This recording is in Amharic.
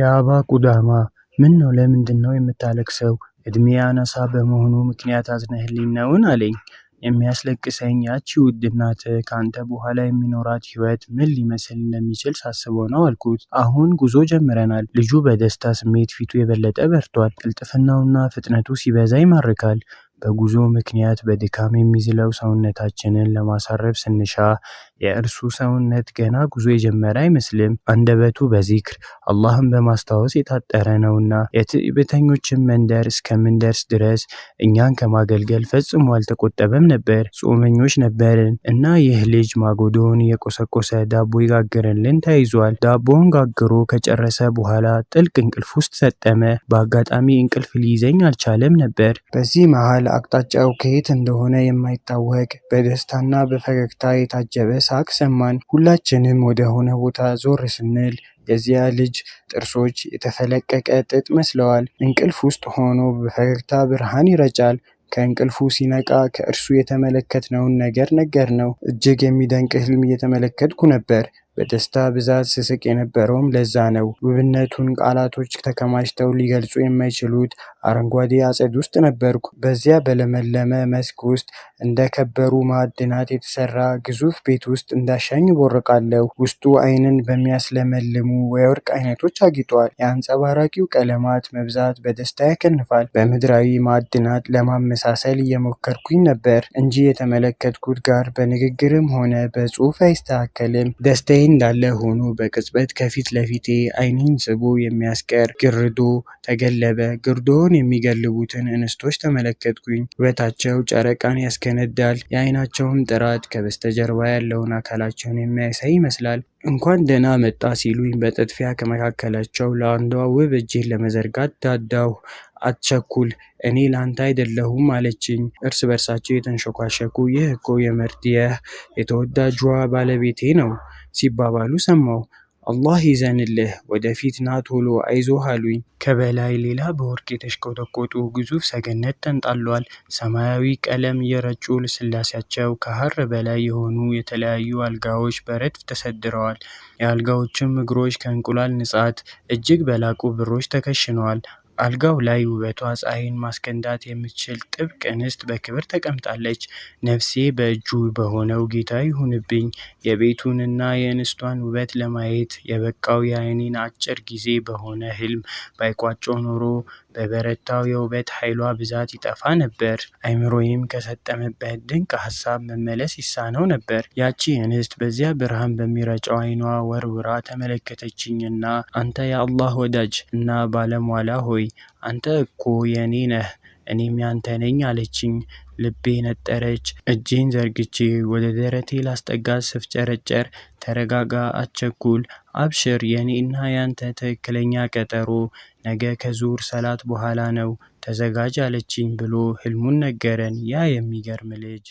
የአባ ቁዳማ ለምንድን ለምንድነው የምታለቅሰው እድሜ አናሳ በመሆኑ ምክንያት አዝነህልኝ ነውን አለኝ። የሚያስለቅሰኝ ያቺ ውድ እናትህ ካንተ በኋላ የሚኖራት ህይወት ምን ሊመስል እንደሚችል ሳስበው ነው አልኩት። አሁን ጉዞ ጀምረናል። ልጁ በደስታ ስሜት ፊቱ የበለጠ በርቷል። ቅልጥፍናውና ፍጥነቱ ሲበዛ ይማርካል። በጉዞ ምክንያት በድካም የሚዝለው ሰውነታችንን ለማሳረፍ ስንሻ የእርሱ ሰውነት ገና ጉዞ የጀመረ አይመስልም። አንደበቱ በዚክር አላህን በማስታወስ የታጠረ ነውና የትዕቢተኞችን መንደር እስከምንደርስ ድረስ እኛን ከማገልገል ፈጽሞ አልተቆጠበም ነበር። ጾመኞች ነበርን እና ይህ ልጅ ማጎዶን የቆሰቆሰ ዳቦ ይጋግርልን ተይዟል። ዳቦን ጋግሮ ከጨረሰ በኋላ ጥልቅ እንቅልፍ ውስጥ ሰጠመ። በአጋጣሚ እንቅልፍ ሊይዘኝ አልቻለም ነበር። በዚህ መሃል አቅጣጫው ከየት እንደሆነ የማይታወቅ በደስታና በፈገግታ የታጀበ ሳቅ ሰማን። ሁላችንም ወደ ሆነ ቦታ ዞር ስንል የዚያ ልጅ ጥርሶች የተፈለቀቀ ጥጥ መስለዋል። እንቅልፍ ውስጥ ሆኖ በፈገግታ ብርሃን ይረጫል። ከእንቅልፉ ሲነቃ ከእርሱ የተመለከትነውን ነገር ነገር ነው። እጅግ የሚደንቅ ህልም እየተመለከትኩ ነበር። በደስታ ብዛት ስስቅ የነበረውም ለዛ ነው። ውብነቱን ቃላቶች ተከማችተው ሊገልጹ የማይችሉት አረንጓዴ አጸድ ውስጥ ነበርኩ። በዚያ በለመለመ መስክ ውስጥ እንደ ከበሩ ማዕድናት የተሰራ ግዙፍ ቤት ውስጥ እንዳሻኝ ቦርቃለሁ። ውስጡ ዓይንን በሚያስለመልሙ የወርቅ አይነቶች አጊጧል። የአንጸባራቂው ቀለማት መብዛት በደስታ ያከንፋል። በምድራዊ ማዕድናት ለማመሳሰል እየሞከርኩኝ ነበር እንጂ የተመለከትኩት ጋር በንግግርም ሆነ በጽሑፍ አይስተካከልም። ደስታ ላይ እንዳለ ሆኖ በቅጽበት ከፊት ለፊቴ አይኔን ስቦ የሚያስቀር ግርዶ ተገለበ። ግርዶውን የሚገልቡትን እንስቶች ተመለከትኩኝ። ውበታቸው ጨረቃን ያስከነዳል። የአይናቸውን ጥራት ከበስተጀርባ ያለውን አካላቸውን የሚያሳይ ይመስላል። እንኳን ደህና መጣ ሲሉኝ በጥድፊያ ከመካከላቸው ለአንዷ ውብ እጄን ለመዘርጋት ዳዳሁ። አትቸኩል እኔ ላንተ አይደለሁም አለችኝ። እርስ በርሳቸው የተንሸኳሸኩ ይህ እኮ የመርድየህ የተወዳጇ ባለቤቴ ነው ሲባባሉ ሰማሁ። አላህ ይዘንልህ፣ ወደፊት ና ቶሎ አይዞህ አሉኝ። ከበላይ ሌላ በወርቅ የተሽቆጠቆጡ ግዙፍ ሰገነት ተንጣሏል። ሰማያዊ ቀለም የረጩ ልስላሴያቸው ከሐር በላይ የሆኑ የተለያዩ አልጋዎች በረድፍ ተሰድረዋል። የአልጋዎቹም እግሮች ከእንቁላል ንጻት እጅግ በላቁ ብሮች ተከሽነዋል። አልጋው ላይ ውበቷ ፀሐይን ማስገንዳት የምትችል ጥብቅ እንስት በክብር ተቀምጣለች። ነፍሴ በእጁ በሆነው ጌታ ይሁንብኝ። የቤቱንና የእንስቷን ውበት ለማየት የበቃው የአይኔን አጭር ጊዜ በሆነ ሕልም ባይቋጮ ኖሮ በበረታው የውበት ኃይሏ ብዛት ይጠፋ ነበር። አይምሮዬም ከሰጠመበት ድንቅ ሀሳብ መመለስ ይሳነው ነበር። ያቺ እንስት በዚያ ብርሃን በሚረጨው አይኗ ወርውራ ተመለከተችኝና አንተ የአላህ ወዳጅ እና ባለሟላ ሆይ አንተ እኮ የኔ ነህ እኔም ያንተ ነኝ አለችኝ። ልቤ ነጠረች። እጄን ዘርግቼ ወደ ደረቴ ላስጠጋት ስፍጨረጨር፣ ተረጋጋ፣ አቸኩል አብሽር የኔና ያንተ ትክክለኛ ቀጠሮ ነገ ከዙር ሰላት በኋላ ነው ተዘጋጅ አለችኝ ብሎ ህልሙን ነገረን። ያ የሚገርም ልጅ